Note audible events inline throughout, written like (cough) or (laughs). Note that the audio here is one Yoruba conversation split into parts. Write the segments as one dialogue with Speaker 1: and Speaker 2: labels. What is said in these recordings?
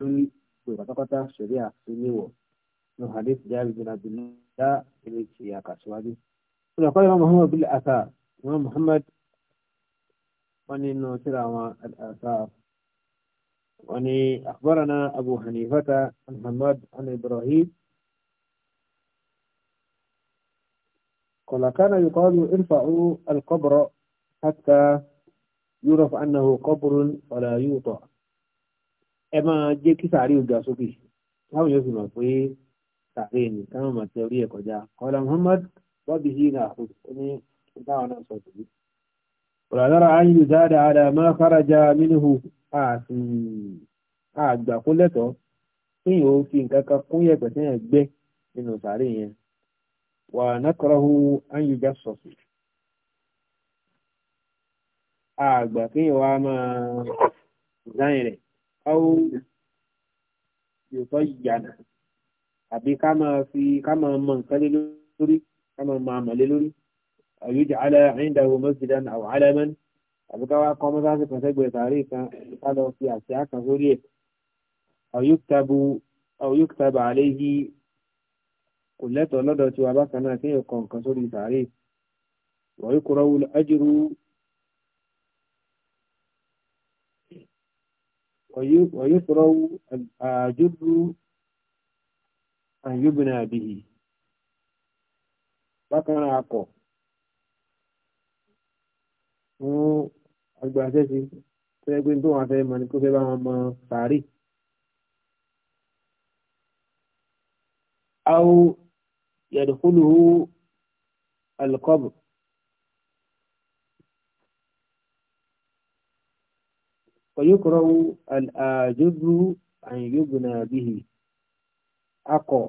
Speaker 1: lórí gbogbo pátápátá ṣẹ̀rí àtúnyẹ̀wọ̀ ní hadith jáde bin abdullá ilé ti àkàṣíwájú. Sọlá kọ́lá ìmọ̀ Muhammad bil Asa, ìmọ̀ Muhammad wọ́n ní inú tíra àwọn Asa. Wọ́n ní akhbarana Abu Hanifata, Muhammad, Ani Ibrahim. قال كان يقال ارفعوا القبر حتى يعرف أنه قبر فلا يوطأ ẹ máa jẹ́ kí sàárè ògbà sókè láwọn yóò fi mọ̀ pé sàárè ni káwọn máa kọjá muhammad bọ́bí hira ó ní táwọn náà sọ tòbí. ọ̀làdára á dáadáa àdá máa faraja mínú agba lẹ́tọ̀ọ́ kéèyàn ó fi nǹkan kan kún yẹ̀pẹ̀ tí yẹn gbẹ́ nínú sàárè yẹn wà nákọ́rọ́hù á sọ̀tù àgbà wá máa àwọn yòótọ́ ìyànà àbí ká máa fi ká máa mọ nǹkan lé lórí ká máa mọ àmọ̀ lé lórí àyùjọ alẹ́ àyíǹdàwó mọ́sídán àwọn alẹ́mẹ́ni àbí ká wá kọ́ mọ́sáàsì kan sẹ́gbẹ̀ẹ́ sàárè kan ká lọ fi àṣẹ kan sórí ẹ̀ àyùktabu àléhi kò lẹ́tọ̀ọ́ lọ́dọ̀ tiwa bákan náà kéèyàn kọ nǹkan sórí sàárè wọ́n kúrọ́wù ajírú ويطرو الجر أن يبنى به bákan náà akọ̀ fún agbàṣẹ́sí tó yẹ pé tó wọn fẹ́ mọ̀ ní kó fẹ́ bá wọn mọ sàárì. أو يدخله القبر ويكره الآجر أن يبنى به أقو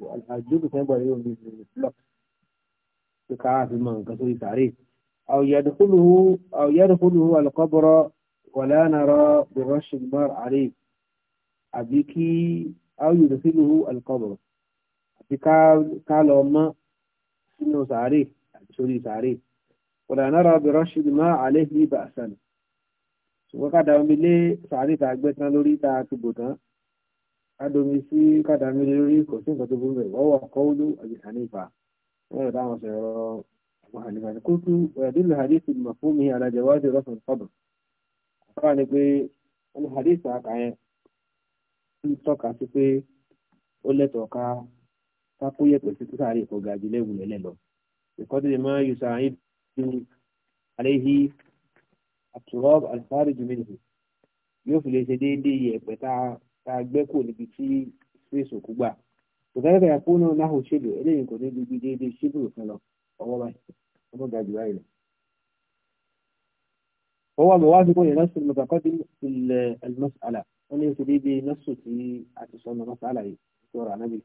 Speaker 1: الآجر تنبع يوم بالفلق بكعاف من كثير تعريف أو يدخله أو يدخله القبر ولا نرى برش المار عليه أبيكي أو يدخله القبر أبيكا لما سنو تعريف سوري تعريف ولا نرى برش الماء عليه بأسا ṣùgbọ́n ká da omi lé sàárè tá a gbẹ́ tán lórí tá a ti bò tán ká domi sí ká da omi lé lórí kò sí nǹkan tó burú bẹ̀ wọ́wọ́ kọ́wọ́lú àbí hanifa wọ́n rẹ̀ táwọn sọ̀rọ̀ àwọn hanifa ní kótó ọ̀yàdínlù hadith mọ̀ fún mi alájẹwájú rọ́sùn sọ́dọ̀ àbá ni pé wọ́n hadith àkàyẹn ń tọ́ka sí pé ó lẹ́tọ̀ọ́ ká kákóyè pèsè tó sáré ìkọ̀gà àjẹlẹ́wù lẹ́lẹ́ lọ ìkọ́tí àtúrọ́b alifáàrí jùmílì yóò fi lè ṣe déédéé yẹ̀pẹ̀ tá a gbẹ́ kò níbi tí space òkú gbà òkèèrè àkóónú náà ṣèlú eléyìí kò ní gbígbí déédéé ṣíbùrù kan lọ ọwọ́ báyìí ọmọ gàdú báyìí lọ. هو موافق لنص المتقدم في المسألة أن يبتدي بنص في اتصال المسألة دور على نبي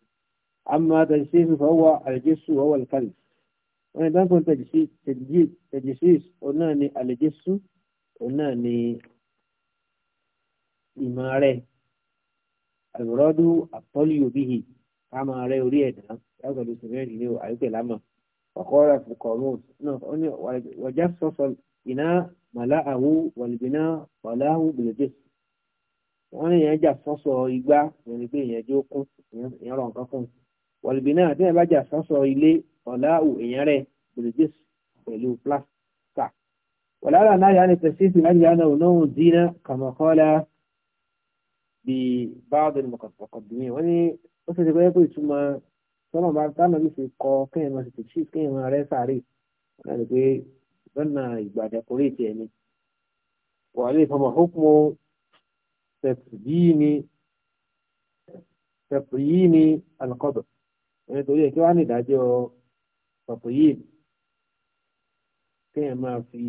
Speaker 1: أما تجسيس فهو الجس وهو الكلب وإذا كنت تجسيس تجسيس قلنا أن الجس òun náà ni ìmọ̀ rẹ̀ àlùrọ́dù àpọ́lìyò bíi ká máa rẹ orí ẹ̀dá lágbàdo sìmẹ́ǹtì ní àyíkẹ́ lámọ̀ ọ̀kọ́rẹ́ fukọ̀rún náà ó ní wàjá sọ́sọ iná màlá àwù wàlùbínà wàláhù bìlẹ̀jẹ̀ wọ́n ní ìyẹn jà sọ́sọ igbá ìyẹn ni pé ìyẹn jó kún ìyẹn rọ̀ nǹkan fún un wàlùbínà tí wọ́n bá jà sọ́sọ ilé wàláhù ìyẹn rẹ̀ bìlẹ̀jẹ̀ pẹ̀lú plastic. ولا لا يعني التسييس من أجل أنه نوع دين كما قال ببعض المقدمين وأني أصلا تقول يقول ثم ثم بعد كان في قوقين ما تتشيس كين ما رأي سعري أنا نقول بنا بعد قريت يعني وعليه فما حكم تقديم تقييم القدر يعني تقول يا كيواني داجو تقييم kéèyàn máa fi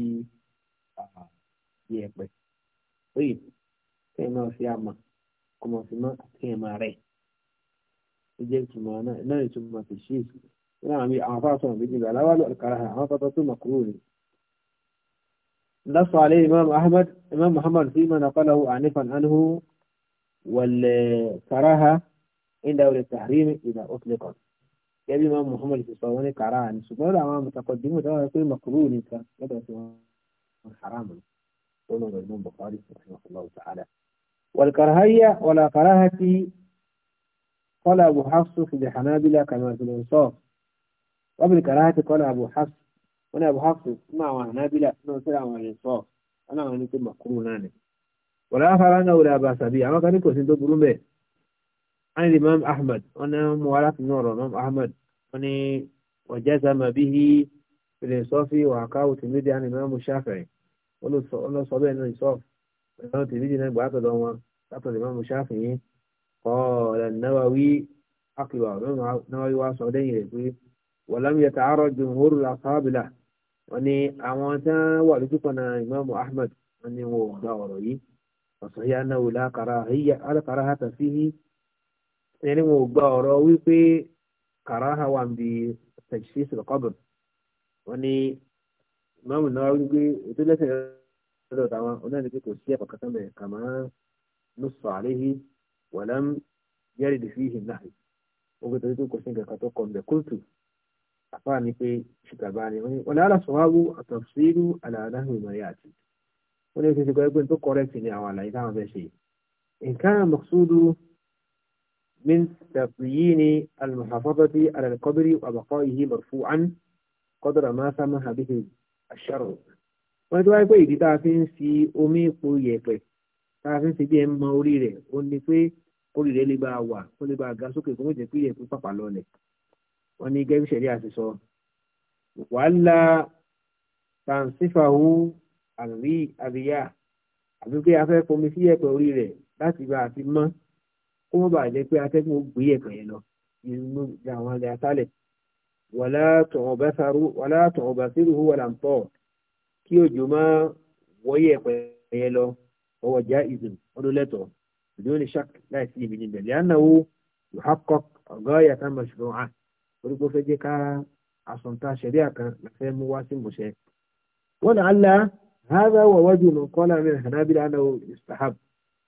Speaker 1: ye pe oui te no si ama como si ma te mare je tu ma na na ni tu ma si si na mi a fa so mi ba la wa lo ka ra ha fa ta tu makrul نص عليه إمام أحمد إمام محمد فيما نقله عنفا عنه والكراهة عند أول التحريم إذا أطلق يبي إمام محمد في الصواني كراهة عن السبب لا مقرون من حرام قول الإمام البخاري رحمه الله تعالى والكرهية ولا كراهة قال أبو حفص في الحنابلة كما في الإنصاف وبالكراهة قال أبو حفص وأنا أبو حفص مع الحنابلة نوصل مع الإنصاف أنا كم نكون أنا. ولا آخر أنه لا بأس به أما كان يكون سنتو برومي عن الإمام أحمد وأنا موالاة النور الإمام أحمد وأنا وجزم به ilẹ̀ ìsọ́fì wàkáwù tìmídìí àná ìmọ̀ ṣáfẹ̀rẹ̀ ọlọ́sọ bẹ́ẹ̀ náà ìsọ́fì ìmọ̀ tìmídìí náà gbà tọ̀dọ̀ wọn látọ̀dọ̀ ìmọ̀ ṣáfẹ̀yìn kọ́ọ̀lẹ̀ náwáwí akíwà náwáwí wá sọ lẹ́yìn rẹ̀ pé wọ̀lámi yẹta àárọ̀ jùmùhúrù làkàbìlà wọn ni àwọn tí wọn wà lójú kan náà ìmọ̀ ahmed wọn ni wọn ò gba ọ̀rọ̀ yìí ọ̀sán yá náà wò lákàrà hàtà sí i ẹni wọn ò gba ọ̀rọ̀ wípé kàrà hàwà ń bi tẹ̀síṣẹ́ sọ̀kọ́bìrì wọ́n ní ìmáàmù náà wí pé ètò lẹ́sìn lọ́dọ̀ táwọn onáà ní pé kò sí ẹ̀kọ́ kan sábẹ̀ kàmá nusu alayhi walam yarid fihi náà ó gbé torí pé kò sí nǹkan tó kọ̀ ǹbẹ̀ kóòtù àfáà ní pé ṣùgbọ́n ni wọ́n ní aláṣọwáwú àtọ̀síìrú àlàáhùn ìmọ̀rẹ́ àti wọ́n ní ìṣẹ́ṣẹ́ pé tó kọ́rẹ́tì ni àwọn àlàyé táwọn fẹ́ ṣe nǹkan mọ̀súdù من تبيين المحافظة على القبر وبقائه مرفوعا kọ́dọ̀rà máa sá máa hàbí àṣàrò wọ́n ti wáyé pé ìdí tá a fi ń fi omi epo yẹ̀pẹ̀ tá a fi ń fi bí ẹ mọ orí rẹ̀ ó ní pé orí rẹ̀ lè bá a wà ó lè bá a ga sókè kó má jẹ́ pé yẹ̀pẹ̀ pàpà lọlẹ̀ wọ́n ní gẹ́gẹ́ sẹ̀rí àti sọ wàhálà tàǹsífàwù àrí àríyá àbí pé a fẹ́ fomi sí yẹ̀pẹ̀ orí rẹ̀ láti bá a fi mọ́ kó má bàa pé atẹ́gùn ó gbé yẹ̀pẹ̀ yẹn lọ inú àwọn alẹ́ atálẹ̀ wàlá tọ̀hún bá sírù hù wàlá ń tọ̀ kí òjò má wọ́yẹ̀ pẹ̀lẹ́ lọ ọwọ́ já ìzùn ọdún lẹ́tọ̀ ìdí òní ṣak láì sí ibi níbẹ̀ lẹ́yìnáwó ìhàkọ́ ọ̀gá ìyàtà mọ̀ṣùrùn à orúkọ kan هذا هو وجه من من الحنابلة أنه يستحب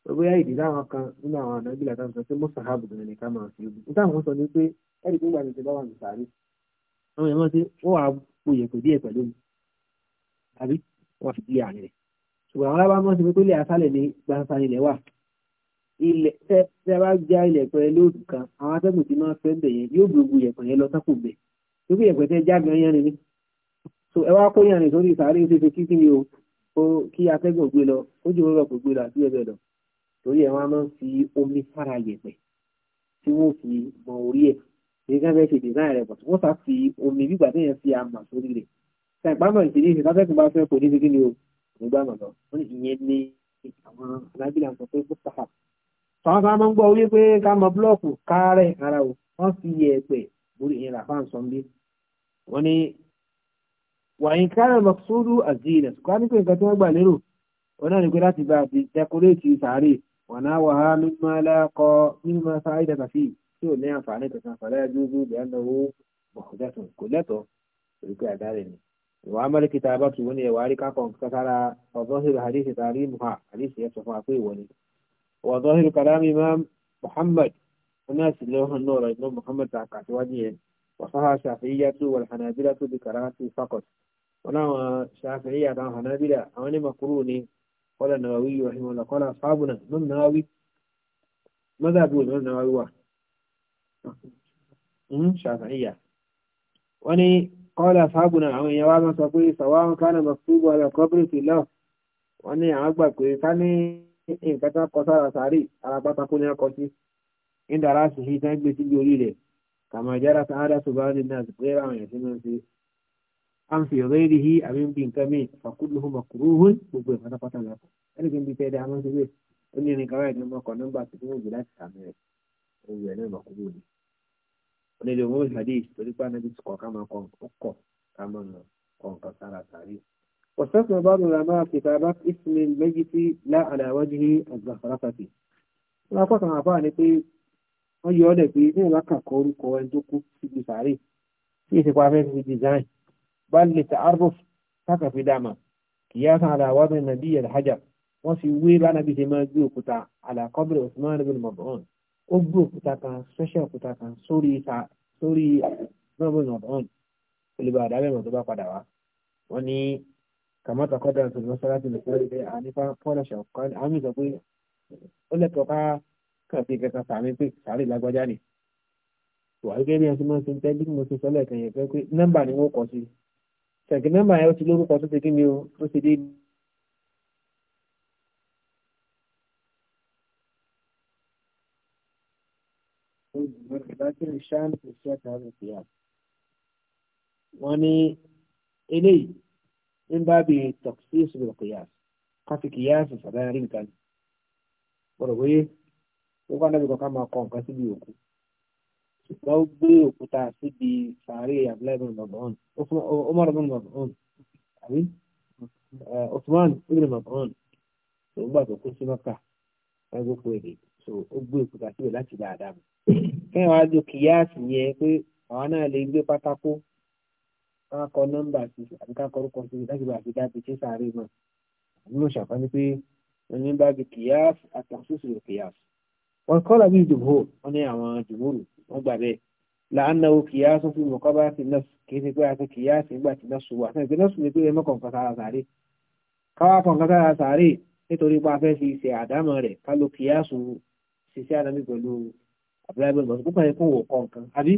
Speaker 1: gbogbo ya ìdílé àwọn kan nínú àwọn ànábìlà táwọn sọ pé mọ́sàábù gan ni ká máa fi ogun níta sọ ni pé ẹnì tó gbà ní ti bá wà ní sàárì àwọn èèyàn ti wọ́n wà po yẹ̀pẹ̀ díẹ̀ pẹ̀lú mi àbí wọ́n fi díẹ̀ àárín rẹ̀ ṣùgbọ́n àwọn alábàá mọ́ sí pé tó lè asálẹ̀ ní gbàǹsà ilẹ̀ wà ilẹ̀ tẹ́ tẹ́ bá já ilẹ̀ pẹ̀lú lóòtù kan àwọn atẹ́gùn tí máa fẹ́ ń bẹ̀ yẹn yóò gbogbo yẹ̀pẹ̀ yẹn lọ sápò bẹ̀ tó yẹ̀pẹ̀ tẹ́ já gan yẹn ni so ẹ wá kó yẹn rìn sórí ìsàárè ó ṣe fi kí ni o ó kí atẹ́gùn gbé lọ ó jù rọ̀ kó gbé lọ àti ẹ̀bẹ̀ lọ torí ẹ̀ wọ́n á máa fi omi fara yẹ̀pẹ̀ tí wọ́n fi mọ orí ẹ̀ èyí kan fẹ́ ṣe design rẹ̀ bọ̀ wọ́n sá fi omi gbígbà tí yẹn fi àmà sórí rẹ̀ ṣe ìpamọ́ ìṣèlú ìṣèlú afẹ́kùn bá fẹ́ kò ní gbígbé ni o kò gbà mọ̀ lọ wọ́n ní ìyẹn ní àwọn alábìlà ń sọ pé kó sáfà sọ́wọ́n sọ́wọ́n máa ń gbọ́ wípé ká mọ búlọ́ọ̀kù kárẹ̀ ara o wọ́n fi yẹ ẹ̀pẹ̀ borí ìyẹn làfà ń sọ́n bí wọ́n ní wàyín kárẹ̀ mọ̀sódù àzìnà ṣùgbọ́n nípa nǹkan tí wọ́n gbà lérò wọn náà ní pé láti bá a ti dẹkọréètì sàárè wọn náà wà á mímọ́ alákọ̀ọ́ mímọ́ sáà ìdàgbàsí yìí tí ò ní àǹfààní kankan fàlẹ́ ẹdúró ìyá náwó bọ̀kọ̀dẹ́tùn kò lẹ́tọ̀ọ́ torí pé àdá rẹ̀ ni. ìwà amẹ́ríkì tá a bá tù wọ́n ní ẹ̀wà àríkà kan kására ọ̀dọ́sílù àdìsí tá a rí muha àdìsí ẹ̀ sọ fún wa pé ìwọ ni. ọ̀dọ́sílù kàlámì imam muhammad ọ̀nà ìsìlẹ̀ ọ̀hún náà rọ̀ imam muhammad ta kàṣíwájú yẹn wàsáhà ṣàfihìyà tó wà hànàbílà tó di kàràtì ṣàfihàn wọ́n ní kọ́lá fábùnà àwọn èèyàn wá mọ́ sọ pé sọ̀wọ́n kánà mọ̀kúbù ọ̀rọ̀ kọ́bírì fi lọ wọ́n ní àwọn gbà pé ká ní nǹkan tán kọ sára sàárì ara pátákó ní ọkọ̀ sí ìdára sì fi tán gbé síbi orí rẹ̀ kàmá ìjára sàn ádá ṣùgbọ́n ní náà sì pé àwọn èèyàn sí máa ń ṣe onílé owó hadith torí pé anabi kọ̀ ká máa kọ̀ ọkọ̀ ká máa nà kọ̀ nǹkan sára sàárè. واستثنى بعض العلماء كتابات اسم الميت لا على وجه الزخرفة. wọ́n kọ́ sàn àfáà ni pé wọ́n yọ ọ́ dẹ̀ pé ní ìlú àkàkọ́ orúkọ ẹni tó kú síbi sàárè tí ìsìnkú afẹ́ fi design bá lè ta arúf káàkà fi dáàmà kì í yásan àlàwọ́ nàbí al nàbí ó gbé òkúta kan ṣẹ́ṣẹ́ òkúta kan sórí ìta sórí nọ́ọ̀bùnà ọ̀hún olùbá àdábẹ̀mọ̀ tó bá padà wá wọ́n ní kàmọ́tà kọ́dà tó lọ sọ́lá tìlẹ̀ fún ẹgbẹ́ ànífà pọ́lọ̀ ṣọ̀kan àmì sọ pé ó lẹ́tọ̀ọ́ ká kàn fi kẹta sàmì pé sàárè lágbájá ni wà gẹ́gẹ́ bí ẹni máa ń ṣe tẹ́ bí mo ṣe sọ́lẹ̀ kan yẹn pé nọ́mbà ni wọ́n kọ sí ṣẹ̀gì nọ́mbà yẹn ó ti lórúkọ tó kí ni ó ṣe déédéé kí ni ṣáàlì kò sí ẹ̀ka rẹ̀ sí àná. wọ́n ní eléyìí ń bá bi toxis rẹ̀ kìyàs káfí kìyàs sàdáyà rí nǹkan ni. bọ̀dọ̀ bóyé ó wà lábẹ́ kankan máa kọ nǹkan síbi òkú. ṣùgbọ́n ó gbé òkúta síbi sàárè abúlébùn mọ̀bọ̀n Umar bin mọ̀bọ̀n àbí eh, Usman ibn mọ̀bọ̀n tó ń gbà sí mọ́kà ẹgbẹ́ kú èdè tó ó gbé òkúta síbi láti dáadáa mọ́ kẹ́wàá á lo kìyàsì yẹn pé àwọn náà lè gbé pátákó ká kọ nọ́mbà sí àbí ká kọrúkọ sí láti bá àbíká fi ṣe sáré mọ́ nínú ṣàfáni pé ẹni bá bi kìyàsì àtàkùsùsù lè kìyàsì wọn kọ́ làbí ìdìbò wọn ní àwọn jùmúrù wọn gbà bẹ́ẹ̀ làánà o kìyàsì fún mọ̀kọ́ bá ti nọ́ọ̀sì kì í ṣe pé a ti kìyàsì nígbà tí nọ́ọ̀sì wà sẹ́yìn pé nọ́ọ̀sì lè pé ẹ mọ́kàn kan sára sáré káwá kan kan sára ká abdullahi bin masu kúkà yẹ kó wò kọ nǹkan àbí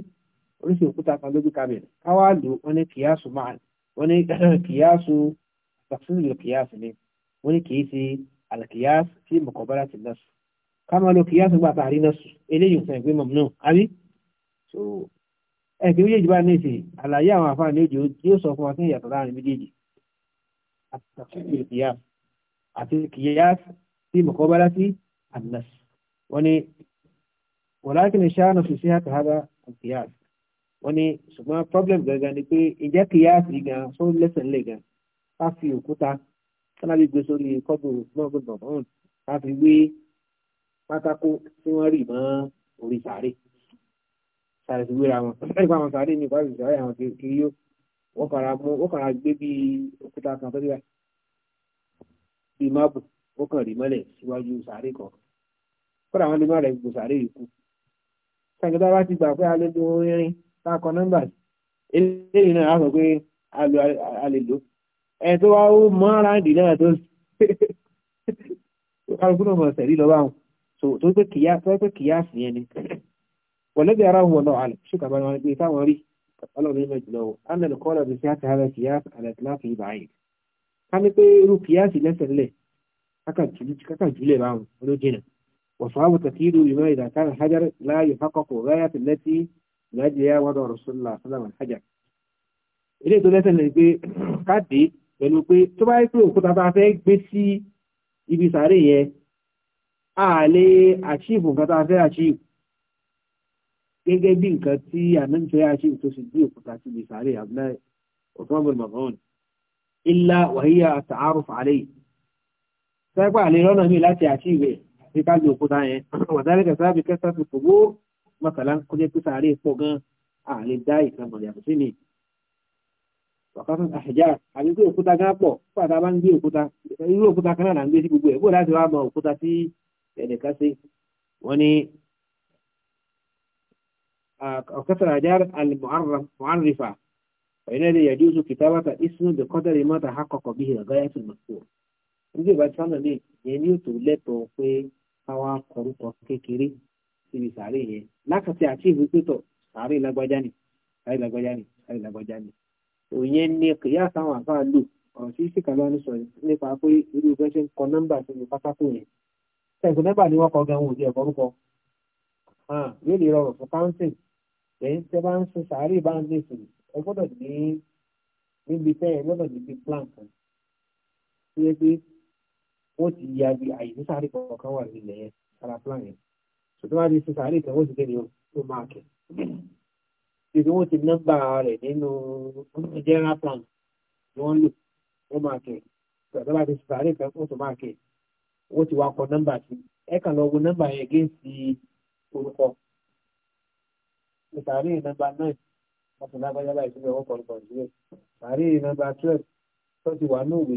Speaker 1: oríṣi òkúta kan lójú kamẹ káwá lò wọn ní kìyàsù máa wọn ní (laughs) kìyàsù tàfsírì kìyàsù ni wọn ní kìí ṣe alkiyas tí mọkànbára ti nọọsù ká máa lo kìyàsù gbà tàrí nọọsù eléyìí nǹkan ìgbé mọ̀mù náà àbí so ẹgbẹ́ méjèèjì bá ní ìsìn àlàyé àwọn àfáàní òjò yóò sọ fún wa kí ìyàtọ̀ láàrin méjèèjì àtàkùn kìyàs àti kìyàs tí mọ̀kànbára ti ànàs wọn ní ولكن الشأن في صحة هذا القياس wọ́n ní problem gangan ni pé ìjẹ́ kìyàsí gan so lesson lè gan ká fi òkúta kánábì gbé sórí kọ́bù náà gbọ́dọ̀ náà ká fi wé pátákó tí wọ́n rì mọ́ orí sàárè sàárè sí wéra wọn ẹ̀rí pa àwọn sàárè ní ìpàdé ìsàárè àwọn kiri yó wọ́n kàrà mú wọ́n kàrà gbé bí òkúta kan tó dìgbà bí máàbù wọ́n sàgbé tá a bá ti gbà pé a lè lo irin tá a kọ nọ́mbà eléyìí náà a sọ pé a lè lò ẹ tó wá ó mọ aráàlú náà tó (laughs) kálukú náà mọ̀ sẹ̀rí lọ́wọ́ àwọn tó pé kìyà tó pé kìyà sí ẹni wọ̀lẹ́bí ara wọn náà àlẹ́ ṣùgbọ́n àbáwọn ẹgbẹ́ táwọn rí ọlọ́run nínú ìjìnlẹ̀ o anna lè kọ́ra bí síyáàtì ara kìyàsì àdàtìláàfin ìbáyìí ká ní pé irú kìyàsì lẹ́sẹ̀ lẹ̀ kákàjúlẹ̀ báwọn olójìnà وصحابه تكيد بما إذا كان الحجر لا يحقق غاية التي لأجلها وضع رسول الله صلى الله عليه وسلم الحجر ilé ìtọ́jú ẹsẹ̀ lè gbé káàdì pẹ̀lú pé tó bá yẹ pé òkúta bá fẹ́ gbé sí ibi sàárè yẹn a lè achieve nǹkan tá a fẹ́ achieve gẹ́gẹ́ bí nǹkan tí ànáǹfẹ́ achieve tó sì gbé òkúta sí ibi sàárè abdullahi osman mahmoud illa wàhíyà àtàárùf àlẹ́ yìí sẹ́pà lè rọ́nà mi láti achieve ẹ̀ bí ká lo òkúta yẹn wàdálẹ kẹsà bí kẹsà ti fòwó mọkànlá kó jẹ pé sàárè pọ̀ gan àlè dá ìtàn mọlẹ àbùsí ni wàkàtún àṣẹjá àbí pé òkúta gan pọ̀ pàtàkì bá ń gbé òkúta irú òkúta kan náà là ń gbé sí gbogbo ẹ̀ bó láti wá mọ òkúta tí ẹnìkan ṣe wọn ni ọkẹsàrà àjá àlùmọ́àrífà وإنه يجوز كتابة اسم بقدر ما تحقق به غاية المذكور. Ndé ìbá tí sáńdà lè yẹn ní òtò lẹ́tọ̀ọ́ pé káwá kọrúkọ kékeré síbi sàárè yẹn lákàtí àti ìwípétọ̀ sàárè lágbájá ni sàárè lágbájá ni sàárè lágbájá ni òyìn ní kìyà táwọn àfáà lò ọ̀rọ̀ tí sì kàlọ́ ní sọ nípa pé irú bẹ́ẹ̀ ṣe ń kọ nọ́mbà sí ní pátákó yẹn sẹ́ǹkì nọ́mbà ni wọ́n kọ gan òdi ẹ̀kọ́ rúkọ yóò lè rọrùn fún káńsìn lẹ́yìn tẹ́ bá ń sin sàárè bá ń lè sìn ẹ gbọ́dọ̀ ní níbi tẹ́ ẹ gbọ́dọ̀ níbi plan kan tí ẹ pé wọ́n ti ya bí àyè sáré kọ̀ọ̀kan wà nílẹ̀ yẹn ara plan yẹn ṣùgbọ́n wọ́n ti ṣe sáré kan wọ́n ti kéde ó máa kẹ̀. ibi wọ́n ti nọ́mbà rẹ̀ nínú general plan ni wọ́n lò ó máa kẹ̀. ṣùgbọ́n wọ́n ti ṣe sáré kan wọ́n tó máa kẹ̀. wọ́n ti wá kọ nọ́mbà sí ẹ kàn lọ wo nọ́mbà yẹn gé sí orúkọ. sáré nọ́mbà náà wọ́n ti lágbájá báyìí síbẹ̀ wọ́n kọ̀ lùkọ̀ síbẹ̀ sáré nọ́mbà twelve tó ti wà ní òwe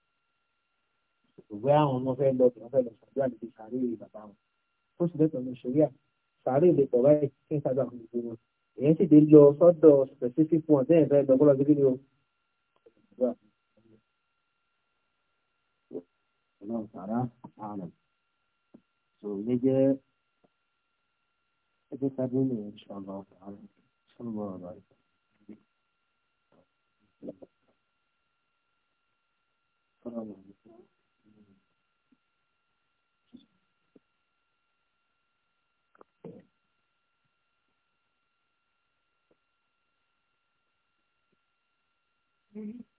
Speaker 1: ṣùgbọ́n àwọn ọmọ fẹ́ lọ bìnrin fẹ́ lọ ṣàdúrà níbi sàárè bàbá wọn tó sì lẹ́tọ̀ọ́ ní ṣòríà sàárè lè pọ̀ báyìí kí n ṣàdúrà fún gbogbo wọn èyàn sì dé lọ sọ́dọ̀ specific one tẹ́yìn fẹ́ lọ bọ́lá gbígbé o. Thank you. Mm-hmm.